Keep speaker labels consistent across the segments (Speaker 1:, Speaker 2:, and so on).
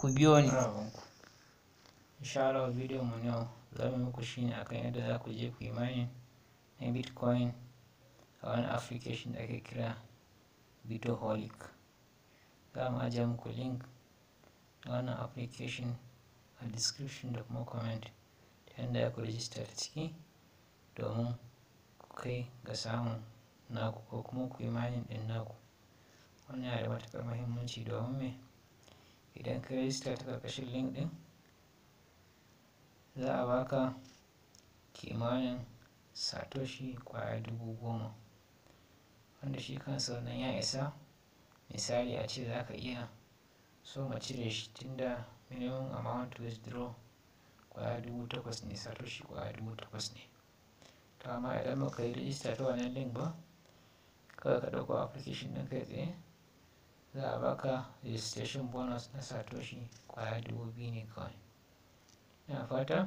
Speaker 1: ku biyo ni insha Allah bidiyon mu yau za mu muku shine akan yadda za ku je ku yi na bitcoin a wani application da ake kira bitoholic za mu ajiye muku link na wannan application a description da kuma comment ta yadda za ku register ta ciki domin ku kai ga samun naku ko kuma ku yi din naku wannan yana da matuƙar domin me idan ka register ta ƙarƙashin link din za a baka kimanin satoshi ƙwaya dubu goma wanda shi kansa wannan ya isa misali a ce za ka iya so ma cire shi tunda minimum amount to withdraw ƙwaya dubu takwas ne satoshi ƙwaya dubu takwas ne to amma idan baka yi register ta wannan link ba kawai ka ɗauko application ɗin kai tsaye za a baka registration bonus na satoshi kwaya dubu biyu ne kawai ina fata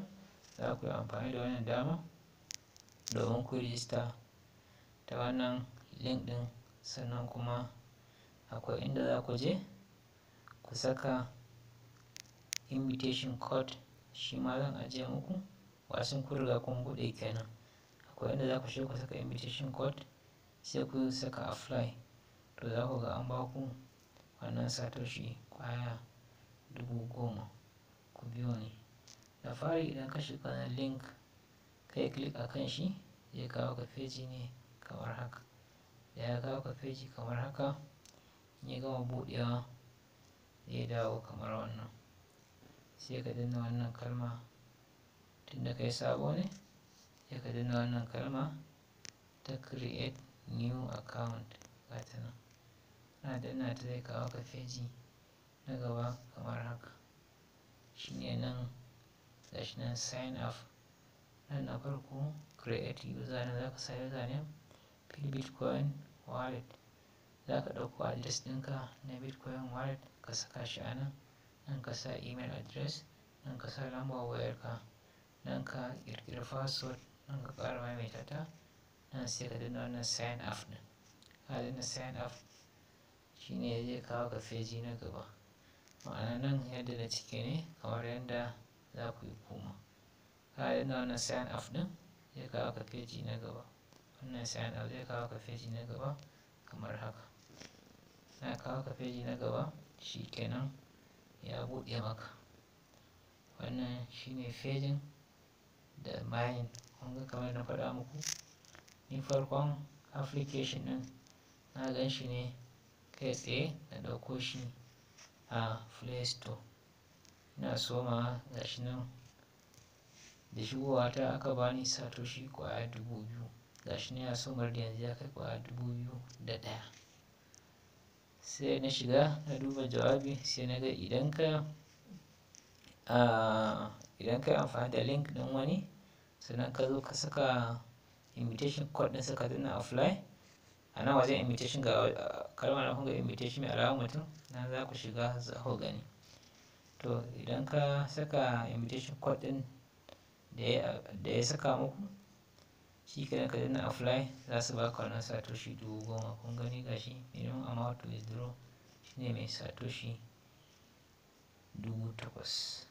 Speaker 1: za ku yi amfani da wannan dama domin ku rijista ta wannan link ɗin sannan kuma akwai inda za ku je ku saka invitation code shi ma zan ajiye muku wasan kun riga kun buɗe kenan akwai inda za ku je ku saka invitation code sai ku saka apply to za ku ga an ba ku kwanan satoshi kwaya dubu goma ku biyo ni da fari idan ka shiga wannan link ka yi click a kan shi zai kawo ka feji ne kamar haka da ya kawo ka feji kamar haka ya gama buɗewa zai dawo kamar wannan sai ka danna wannan kalma tunda kai sabo ne sai ka danna wannan kalma ta create new account ga ta nan kana danna ta zai kawo ka feji na gaba kamar haka shine nan gashi nan sign up nan na farko create username zaka sa username fill bitcoin wallet zaka ɗauko address ɗinka na bitcoin wallet ka saka shi a nan nan ka sa email address nan ka sa lambar wayarka nan ka ƙirƙiri password nan ka ƙara maimaita ta nan sai ka danna wannan sign up ɗin ka danna sign Shine zai kawo ka feji na gaba ma'ana nan yadda na cike ne kamar yadda za ku yi kuma ka yi na wannan sign up din zai kawo ka feji na gaba wannan sign up zai kawo ka feji na gaba kamar haka na kawo ka feji na gaba shi kenan ya buɗe maka wannan shi ne fejin da mayin kunga kamar na faɗa muku ni farkon application ɗin na gan shi ne kai tsaye na ɗauko shi a play store ina soma shi nan da shigowa ta aka bani satoshi kwaya dubu biyu gashi nan ya somar da yanzu ya kai kwaya dubu biyu da ɗaya sai na shiga na duba jawabi sai na ga idan ka idan ka amfani da link ɗin wani sannan ka zo ka saka invitation code ɗinsa saka a fly.
Speaker 2: a nan wajen invitation ga
Speaker 1: uh, kalmar na kun ga invitation mai alawar mutum na za ku shiga za ku gani to idan ka saka invitation code da ya saka muku shi kadan ka a apply za su baka wannan satoshi dubu goma kun gani gashi minimum amount to withdraw shine mai satoshi dubu takwas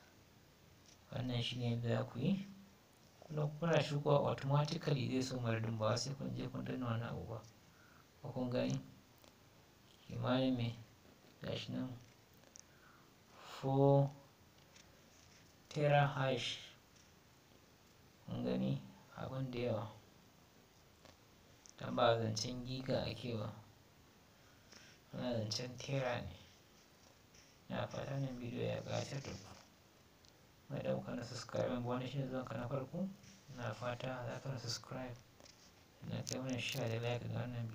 Speaker 1: wannan shine ne za ku yi kuna shigowa automatically zai so mardin ba sai kun je kun danna wani abu ba kun gani me gashi nan 4 tera hash kun gani abin da yawa don ba zancen giga ake ba ana zancen tera ne na fata nan bidiyo ya ƙayatar da ku mai ɗauka na subscribe wani shi zuwa ka na farko na fata za ka na subscribe
Speaker 2: na kai mana sha da like ga wannan